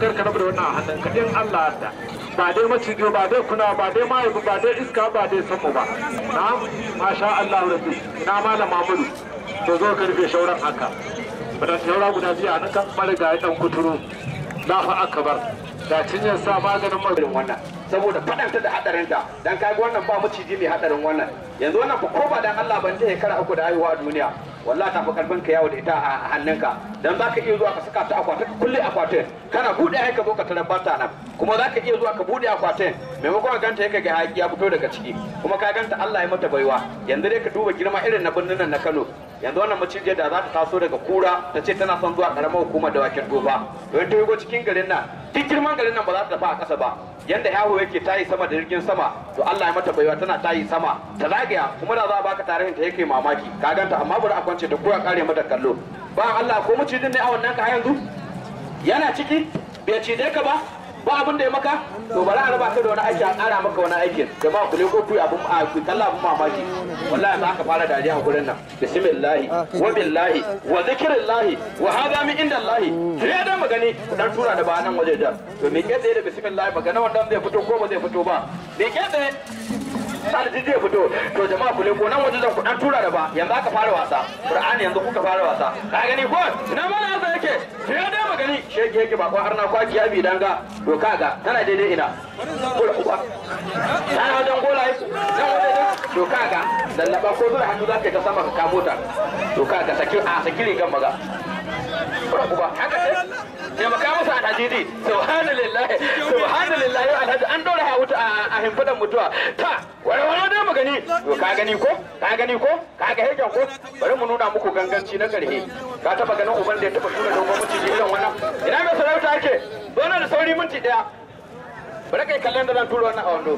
kar ka rabu da wannan hannun ka in Allah da ba dai maciji ba dai kuna ba dai mahaifi ba dai iska ba dai sako ba na masha Allah rabbi ina malam mamuru to zo karfe shauran haka bada shaura guda biya a nan kan marigayi dan kuturu fa akabar da cinyar sa maganin maganin wannan saboda fadanta da hadarin da dan kai wannan ba maciji mai hadarin wannan yanzu wannan ko ba dan Allah ban ta ya kara uku da ayuwa a duniya wallahi ta fi karfin ka yawo da ita a hannunka dan za ka iya zuwa ka saka ta akwatin kulle akwatin kana buɗe hai ka zo ka tarar bata nan kuma za ka iya zuwa ka buɗe akwatin maimakon ganta yake ga ya fito daga ciki kuma ka ganta Allah ya mata baiwa yanzu dai ka duba girma irin na birnin na Kano yanzu wannan macijiyar da za ta taso daga kura ta ce tana son zuwa karamar hukumar da wakil dofa don ta yi cikin garin nan duk girman garin nan ba za ta dafa a kasa ba yanda yawo yake tayi sama da jirgin sama to Allah ya mata baiwa tana tayi sama ta zagaya kuma da za a baka tarihin ta yake mamaki ka ganta amma bari a kwance da koya kare mata kallo ba Allah ko mucidin ne a wannan ka yanzu yana ciki bai ci dai ka ba ba abin da ya maka to bala a raba ka da wani aiki a ƙara maka wani aikin ba ku leko ku abun a ku kalla abun mamaki wallahi za aka fara dariya a gurin nan bismillahi ah, wa billahi wa zikrillahi wa hada min indallahi sai da magani dan tura da ba nan waje da to me ke da bismillahi magana wannan zai fito ko ba zai fito ba me ke da sadadi zai fito to jama'a ku leko nan waje zan ku dan tura da ba yanzu aka fara wasa qur'ani yanzu kuka fara wasa ka gani ko na mana sai ya dai magani shege yake ba ko arna kwaki ya bi danga to kaga tana daidai ina kula uba tana wajen gola yi nan wajen to kaga lallaba ko zuwa hannu zaka ta sama ka kamo ta to kaga saki a saki rigan maga kula uba haka sai ya maka musu alhadidi tajiri subhanallahi subhanallahi alhaji an dora ha wuta a himfadan mutuwa ta warwaro dai magani to ka gani ko ka gani ko ka ga hejan ko bari mu nuna muku ganganci na karhe ka taba ganin uban da ya taba tura dogon mutum irin wannan ina mai sarauta ake zo da sauri minti daya bari kai kallon da zan tura wannan a wando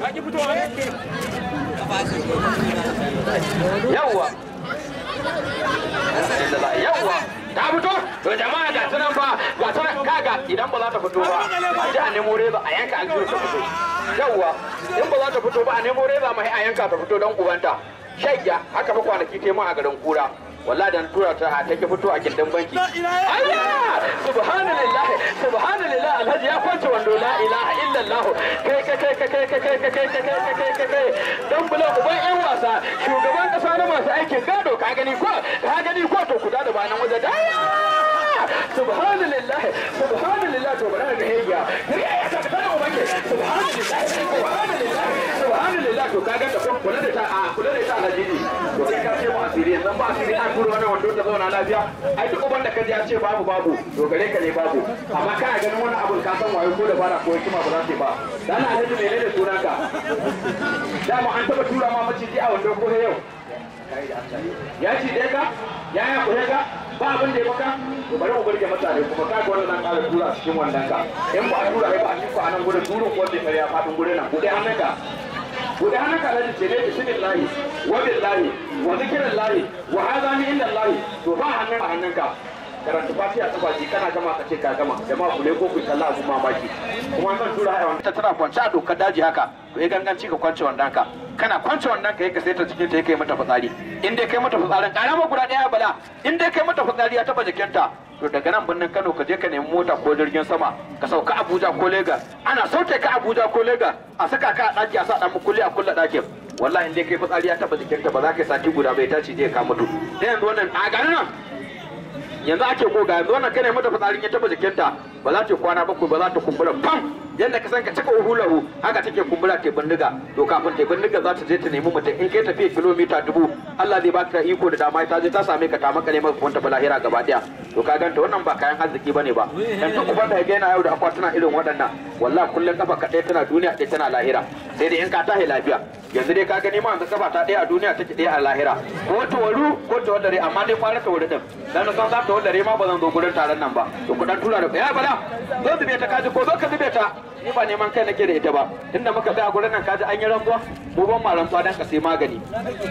yawwa yawwa ta fito to jama'a ga ta nan ba ga ta kaga idan ba za ta fito ba a ji a nemo reza a yanka a aljihu ta fito yawwa in ba za ta fito ba a nemo reza mai a yanka ta fito don ubanta shayya haka fa kwanaki tema a garin kura wallahi dan tura ta a take fito a kindan banki ayya subhanallah subhanallah alhaji ya kwance wando la ilaha illallah kai kai kai kai kai kai kai kai kai kai kai kai kai kai dan bula uban yan wasa shugaban kasa na masu aikin gado ka gani ko ka gani ko to ku da banan waje da subhanallah subhanallah to bana da hayya ya ta fara ubanki subhanallah subhanallah subhanallah to ka ga ta ko kula idan ba su ne an kura wannan wando ta zauna lafiya ai duk uban da ka ji ya ce babu babu to gare ka ne babu amma kana ganin wani abun ka san wayo ko da bara ko hikima ba za su ba dan na da mene ne sunanka dama an taba tura ma maciji a wando ko yau ya ci dai ka ya ya kure ka ba abin da ya maka to bari mu burge mutane kuma ka ga wannan nan ƙara tura cikin wannan ka in ba a tura ba a cikin anan gurin turun ko da ya faɗin gurin nan ku dai an naka سبحانك الذي جليت بسم الله وبالله وذكر الله وهذا من عند الله تفاهم عنك karanta fatiha ta baki kana gama ka ce ka gama jama'a ku ne ko ku kalla abu mamaki kuma zan tura haya wanda tana kwance a dokar daji haka to ya ganganci ka kwance wannan ka kana kwance wannan ka yake sai ta cikin ta yake mata fitsari in dai kai mata fitsarin karama guda daya bala in dai kai mata fitsari ya taba jikinta to daga nan birnin Kano ka je ka nemi mota ko jirgin sama ka sauka Abuja ko Lagos ana sauke ka Abuja ko Lagos a saka ka a daki a sa dan mukulli a kulla dakin wallahi in dai kai fitsari ya taba jikinta ba za ka sati guda bai tace je ka mutu sai yanzu wannan a garin nan yanzu ake koga yanzu wannan kana mata fitsarin ya taba jikinta ba za ta kwana bakwai ba za ta kumbura pam yadda ka san ka cika uhulahu haka take kumbura ta bindiga to kafin ta bindiga za ta je ta nemi mutum in kai tafiya kilomita dubu Allah zai baka iko da dama ta je ta same ka ta maka ne maka kwanta balahira gaba daya to ka ganta wannan ba kayan arziki bane ba dan duk ku fata ga yana yau da akwatuna irin waɗannan wallahi kullun kafa ka tana duniya ɗaya tana lahira sai dai in ka tahi lafiya yanzu dai ka gani ma yanzu kafa ta ɗaya a duniya take ɗaya a lahira ko ta waru ko ta wadare amma dai fara ta wuri din dan san za ta wadare ma ba zan zo gurin taron nan ba to ku dan tura da ya bala zo zube ta kaji ko zo ka zube ta ni ba neman kai nake da ita ba tunda muka ga gurin nan kaji an yi rangwa mu ban ma rantsuwa dan ka sai magani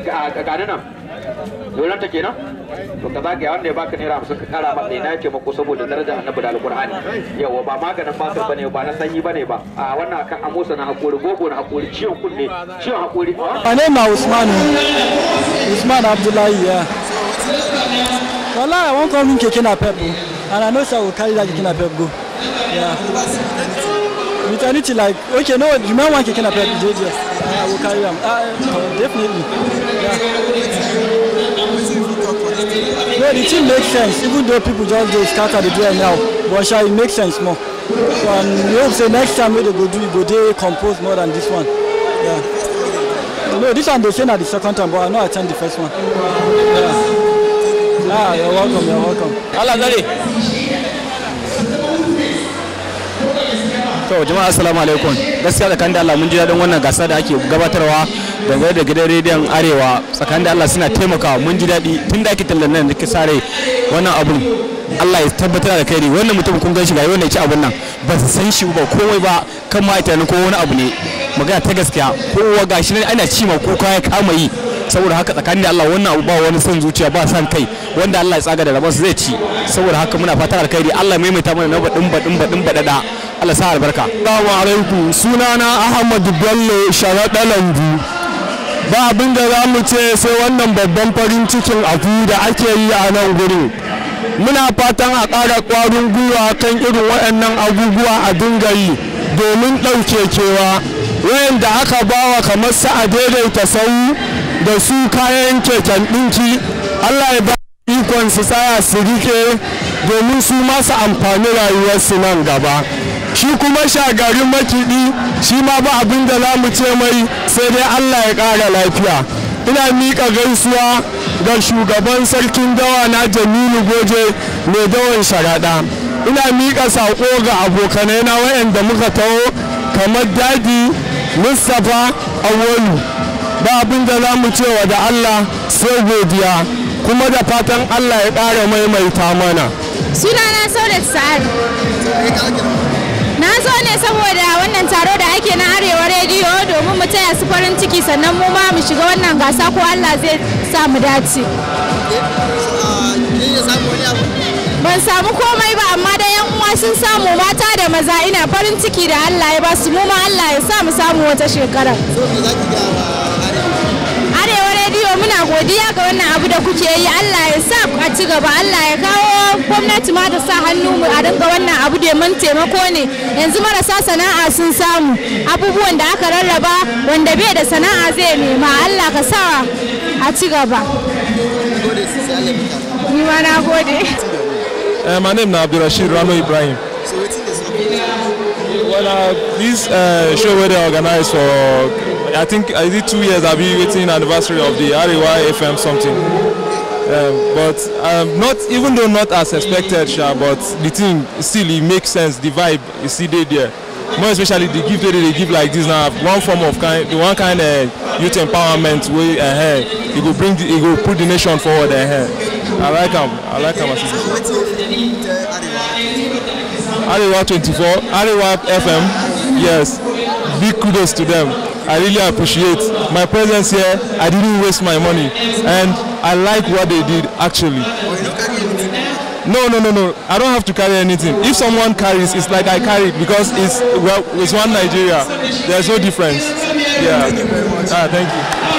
ga ga nan yoran ta kenan to ka zagaya wanda ya baka naira musu ka kara ba ɗaya na yake mako saboda daraja annabi da alqur'ani yawa ba maganin basir bane ba na sanyi bane ba a wannan akan amosa na hakuri gogo na hakuri ciwon kunne ciwon hakuri a ne na usman oh. usman abdullahi ya wallahi won wan min in keke napep oh. and i know say i go carry that keke napep go yeah return it like okay no remain one keke napep dey there i will carry am ah uh, uh, definitely yeah. no the thing makes sense even though people just dey scatter the day now, but sha e make sense more so and we hope say next time we dey go do e go dey compose more than this one yeah. no this one dey say na the second time but i know I ten the first one yeah. ah you're welcome you're welcome. alazari. to jama'a assalamu alaikum gaskiya tsakanin da Allah mun ji daɗin wannan gasa da ake gabatarwa daga da gidan rediyon arewa tsakanin da Allah suna taimakawa mun ji daɗi tun da ake tallan nan da ke sare wannan abun Allah ya tabbatar da kai ne wannan mutum kun gan shi ga wannan ya ci abun nan ba su san shi ba komai ba kan ma'aikatan ko wani abu ne magana ta gaskiya kowa gashi nan ana ci ma kuka ya kama yi saboda haka tsakanin da Allah wannan abu ba wani son zuciya ba san kai wanda Allah ya tsaga da su zai ci saboda haka muna fatan alkhairi Allah maimaita mana na baɗin baɗin baɗin baɗaɗa Allah sa albarka assalamu alaikum sunana Ahmad Bello Sharaɗa Lambu ba abin da za mu ce sai wannan babban farin cikin abu da ake yi a nan gurin muna fatan a ƙara ƙwarin gwiwa kan irin waɗannan abubuwa a dinga yi domin ɗauke kewa da aka bawa kamar su a daidaita sau da su kayan keken ɗinki allah ya ba ikon su tsaya su rike domin su masu amfani rayuwarsu nan gaba shi kuma shagarin makiɗi shi ma ba abin da za mu ce mai sai dai allah ya ƙara lafiya ina miƙa gaisuwa ga shugaban sarkin dawa na jamilu goje mai dawan sharaɗa ina miƙa saƙo ga abokanai na wayanda muka taho kamar dadi mustapha awolu ba abin da za mu wa da allah sai godiya kuma da fatan allah ya ƙara maimaita mana sunana saudat sa'ad na zo ne saboda wannan taro da ake na arewa rediyo domin mu taya su farin ciki sannan mu ma mu shiga wannan gasa ko allah zai sa mu dace ban samu komai ba amma da yan uwa sun samu mata da maza ina farin ciki da allah ya ba su mu ma allah ya sa mu samu wata shekara godiya ga wannan abu da kuke yi Allah ya sa a ci gaba Allah ya kawo gwamnati ma ta sa hannu mu a dinga wannan abu domin taimako ne yanzu marasa sana'a sun samu abubuwan da aka rarraba wanda bai da sana'a zai nema Allah ka sa a ci gaba. Ni ma na gode. Eh, my name na Abdulrashid Rano Ibrahim. Well, uh, this uh, show where they organize for, I think, uh, I did two years, I'll be waiting anniversary of the REY FM something. Um, but um, not even though not as expected, sha, but the thing still it makes sense. The vibe is still there. More especially the gift that they give like this now, one form of kind, one kind of uh, youth empowerment way ahead. Uh, it will bring, the, it will put the nation forward ahead. Uh, I like them. I like them. Arewa 24, Arewa FM. Yes, big kudos to them. I really appreciate my presence here. I didn't waste my money, and I like what they did actually. No, no, no, no. I don't have to carry anything. If someone carries, it's like I carry it because it's well, it's one Nigeria. There's no difference. Yeah. Ah, thank you.